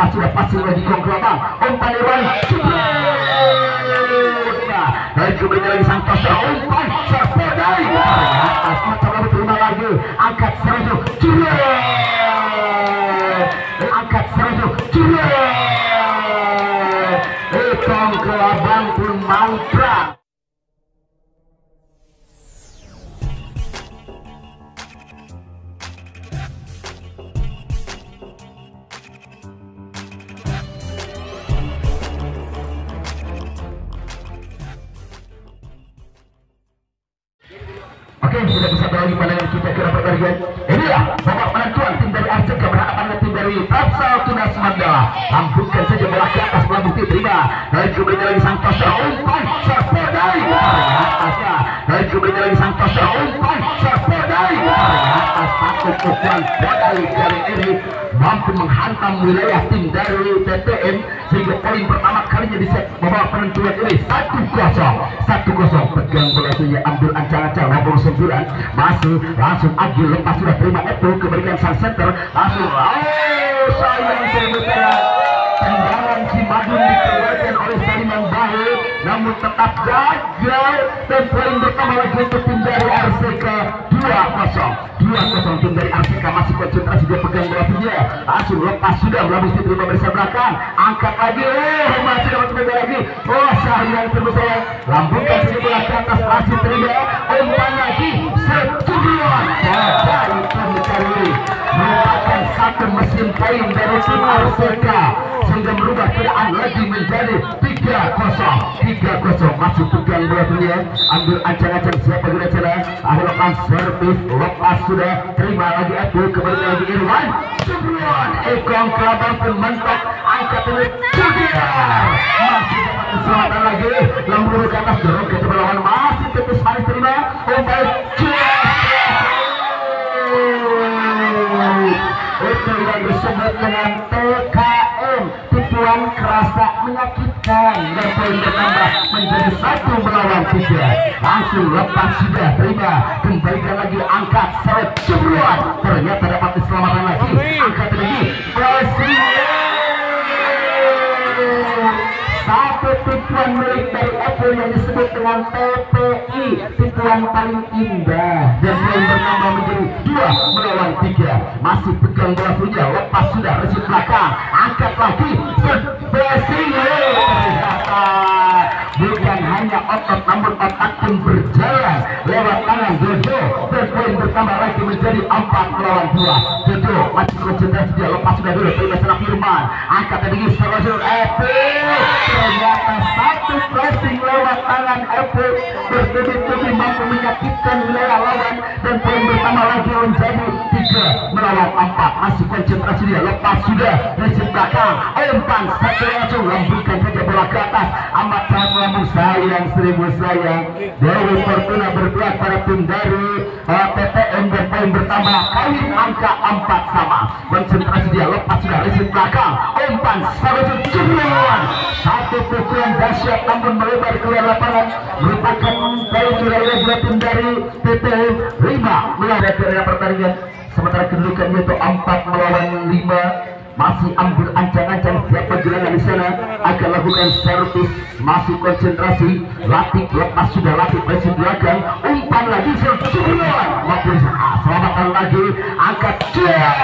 Sudah pasti lagi kong kelapa umpan Irwan dan kemudian lagi sang pasir umpan sepedai ternyata kota baru terima lagi angkat serujuk cure angkat serujuk cure Ikong kelabang pun mantra Okey, kita bisa tahu pada yang kita kira pekerjaan. Inilah ya, bawa penentuan tim dari Arsenal berhadapan dengan tim dari Tapsal Tunas Mandala. Lambungkan saja bola ke atas bola bukti terima. Dari kembalinya lagi sang Tasya Untung Serpedai. Ternyata dari kembalinya lagi sang Tasya Untung Serpedai. Ternyata atas satu kesan sekali dari ini mampu menghantam wilayah tim dari TTM sehingga poin pertama kalinya di set membawa penentuan ini satu kosong satu kosong pegang bola itu ya, ambil ancang-ancang nomor sembilan masih langsung Agil lepas sudah terima itu keberikan sang center langsung oh sayang saya namun tetap gagal dan poin pertama lagi untuk tim dari RCK 2-0 2-0 tim dari RCK masih konsentrasi dia pegang bola dia asuh lepas sudah melambung di terima berisa belakang angkat lagi oh masih dapat terima lagi oh yang serbu saya lambungkan sini bola ke atas masih terima umpan lagi setujuan dari Muslim poin dari tim RPK sehingga merubah keadaan lagi menjadi 3-0 3-0 masih pegang bola dunia ya. ambil ancang-ancang siapa guna cara akhirnya servis lepas sudah terima lagi Abdul kembali lagi Irwan Sebelum Ekong Kelabang pun mentok angkat ini masih dapat lagi lembur ke atas dorong ke lawan masih tetap manis terima umpan Cudiar disebut dengan TKM tipuan kerasa menyakitkan dan bertambah menjadi satu melawan tiga langsung lepas sudah terima kembalikan lagi angkat seret cemburuan ternyata dapat diselamatkan lagi angkat lagi crossing tipuan milik dari yang disebut dengan PPI tipuan paling indah dan yang bertambah menjadi dua melawan tiga masih pegang bola punya lepas sudah resip belakang angkat lagi sebesing terlihat bukan hanya otot namun otak pun berjalan lewat tangan Jojo poin bertambah lagi menjadi 4 melawan 2 Jojo masih konsentrasi dia lepas sudah dulu terima serang Firman angkat tadi Sarajul epic. ternyata satu pressing lewat tangan Epil berdebit-debit mampu menyakitkan wilayah lawan dan poin bertambah lagi menjadi Oke, menolong tampak masih konsentrasi dia lepas sudah resip belakang empat satu langsung lambungkan saja bola ke atas amat sangat lambung sayang seribu sayang Dewi Fortuna berpihak pada tim dari uh, eh, PPM berpoin bertambah kali angka empat sama konsentrasi dia lepas sudah resip belakang empat satu cemburuan satu pukulan dahsyat namun melebar keluar lapangan merupakan kali kira-kira tim dari PPM lima melalui pertandingan sementara kedudukan itu empat melawan lima masih ambil ancang-ancang siapa perjalanan di sana akan lakukan servis masih konsentrasi latih lepas sudah latih masih belakang umpan lagi sebelum ah, selamatkan lagi angkat yes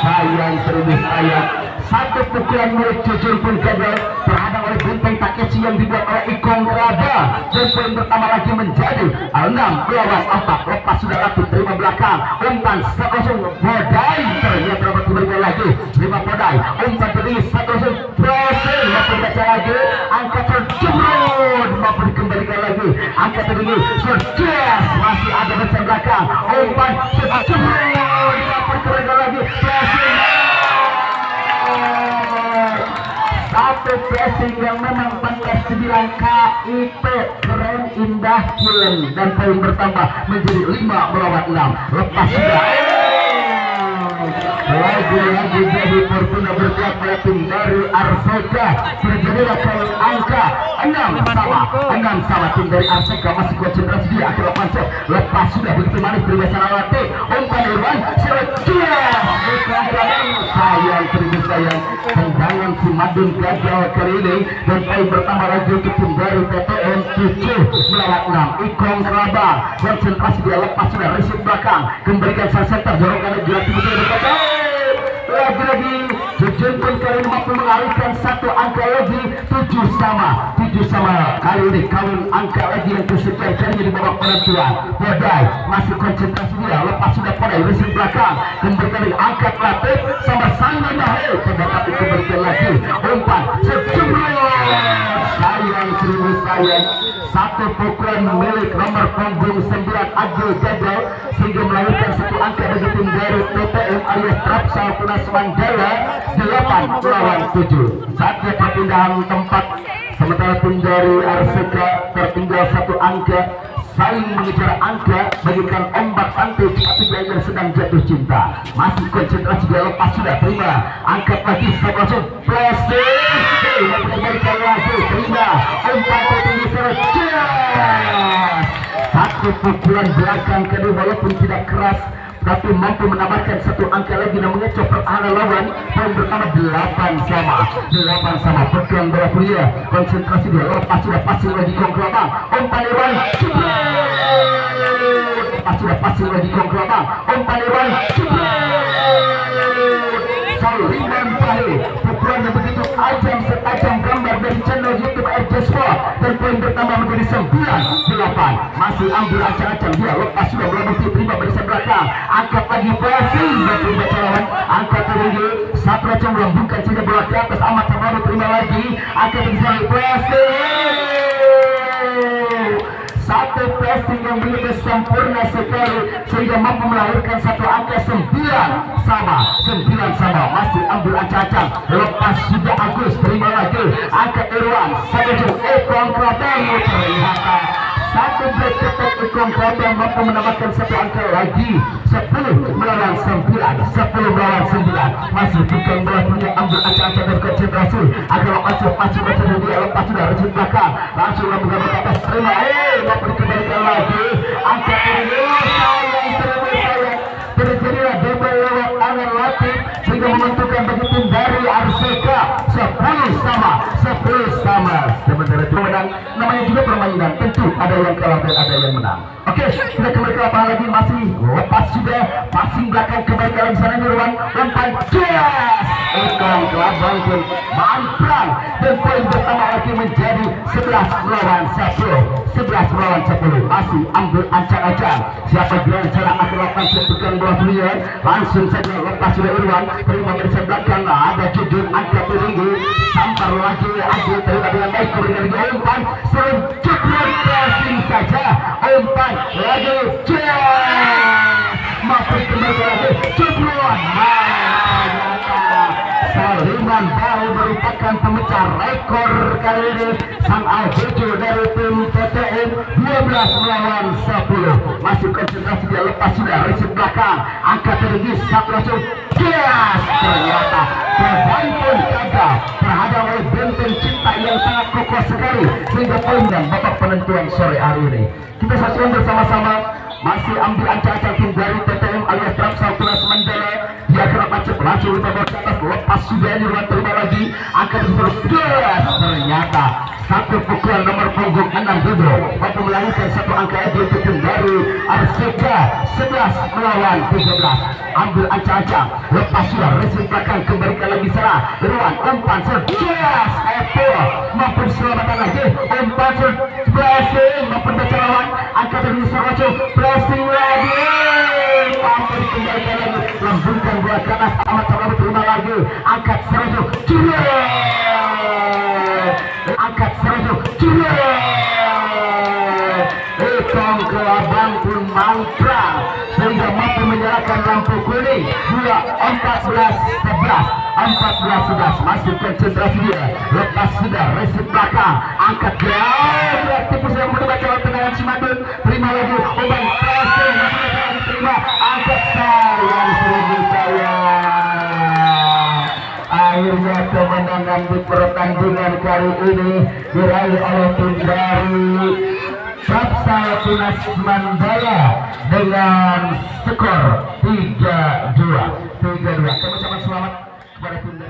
sayang terus sayang satu pukulan mulut jujur pun gagal terhadap Peng Takeshi yang dibuat oleh Ikon Rada dan poin pertama lagi menjadi 6 lawan 4 lepas sudah satu terima belakang umpan sekosong bodai ternyata dapat kembali lagi lima bodai umpan dari sekosong brosing Lepas baca lagi Angka terjemur dapat dikembalikan lagi Angka tinggi sukses. masih ada baca belakang umpan terjemur dapat lagi atlet dressing yang memang 49 KIP keren indah keren dan poin bertambah menjadi 5 melawan 6 lepas sudah Baik dengan dari Fortuna bergerak pada tim dari Arseka Berjadilah poin angka 6 sama 6 sama tim dari Arseka Masih konsentrasi dia akhirnya pancet Lepas sudah begitu manis dari Sarawati Umpan Irwan Sayang terima sayang Tendangan si Madun gagal kali ini Dan poin bertambah lagi untuk tim dari PTM 7 Melawat 6 ikon Kerabang Konsentrasi dia lepas sudah resip belakang Kembalikan sang center Dorongkan lagi Tiba-tiba lagi-lagi kali ke 50 mengalihkan satu angka lagi tujuh sama tujuh sama kali ini kawan angka lagi yang kesekian kalinya di babak penentuan Bodai masih konsentrasi dia lepas sudah pada resim belakang kembali angkat pelatih sama Sainan Mahal terdapat kembali lagi umpan sejumlah sayang seribu sayang satu pukulan milik nomor punggung sembilan Agil jadi Rapsal Punaswan Jaya 8 lawan 7 saat perpindahan tempat sementara pun dari RCK tertinggal satu angka saling mengejar angka bagikan ombak pantai tapi Jaya sedang jatuh cinta masih konsentrasi dia lepas sudah terima angkat lagi langsung placing memberikan lagi terima Ombak tertinggi secara satu pukulan belakang kedua walaupun tidak keras tapi mampu menambahkan satu angka lagi namanya copot ala lawan poin pertama 8 sama 8 sama pegang bola pria konsentrasi dia lepas sudah pasti lagi gong kelabang Om Irwan lepas sudah pasti lagi kong Om umpan Irwan Ringan Pahe pukulannya begitu ajam setajam gambar dari channel YouTube Puspo dan poin bertambah menjadi 98 masih ambil acara acara dia lepas sudah melebihi terima dari belakang angkat lagi pressing dan prima lawan angkat satu Satra Comblong bukan cinta bola ke atas amat terbaru terima lagi angkat lagi pressing satu pressing yang begitu sempurna sekali sehingga mampu melahirkan satu angka sembilan sama sembilan sama masih ambil acacang lepas sudah Agus terima lagi angka Irwan satu Eko eh, keraton terlihat satu break tetap hukum Kodam mampu mendapatkan satu angka lagi 10 melawan 9 10 melawan 9 masih bukan boleh punya ambil acak-acak dari kecil Rasul agar masuk masuk masuk sini dia lepas sudah rejim belakang langsung memegang ke atas terima eh mampu dikembalikan lagi angka ini sayang seribu sayang terjadilah demo lewat angan latih sehingga menentukan bagi sepi sama sementara itu menang namanya juga permainan tentu ada yang kalah dan ada yang menang oke okay, kita kembali ke lapangan lagi masih lepas juga passing belakang kembali ke lagi sana Nirwan umpan yes Ekong Kelabang pun mantap dan poin pertama lagi menjadi 11 lawan 10 11 melawan 10 masih ambil ancang-ancang siapa dia cara akan lakukan sebutan bola dunia langsung saja lepas dari Irwan terima dari belakang ada judul angkat tinggi sampar lagi Agil terima dengan baik kemudian dia umpan seru cukup saja umpan lagi jauh ekor kali ini Sang Al dari tim PTN 12 melawan 10 masih konsentrasi dia lepas sudah resip belakang angkat tinggi satu langsung jelas ternyata Perban pun gagal terhadap oleh benteng cinta yang sangat kokoh sekali sehingga poin dan babak penentuan sore hari ini kita saksikan bersama-sama masih ambil ancang-ancang tim dari PTN alias Trapsal ke untuk lepas sudah diruang terima lagi akan bergerak ternyata satu pukulan nomor punggung 6 Hidro mampu melahirkan satu angka yang berhitung dari Arsika 11 melawan 13 ambil ancang-ancang lepas sudah racing belakang kembalikan lagi serah Ruan umpan serbias Epo mampu diselamatkan lagi umpan serbias blessing mampu baca lawan angka dari Sorojo blessing lagi kembali kanan lambungkan karena sama sama terima lagi angkat serujuk kiri angkat serujuk kiri hitam abang pun mangkrak sehingga mampu menyalakan lampu kuning dua empat belas sebelas empat belas sebelas masuk konsentrasi dia lepas sudah resip belakang angkat dia tipu yang menebat calon tendangan Cimadun terima lagi umpan passing Argentina angkat sayang seribu saya. akhirnya kemenangan di pertandingan kali ini diraih oleh tim dari Sapsa Tunas Mandala dengan skor 3-2 3-2 Teman-teman selamat kepada tim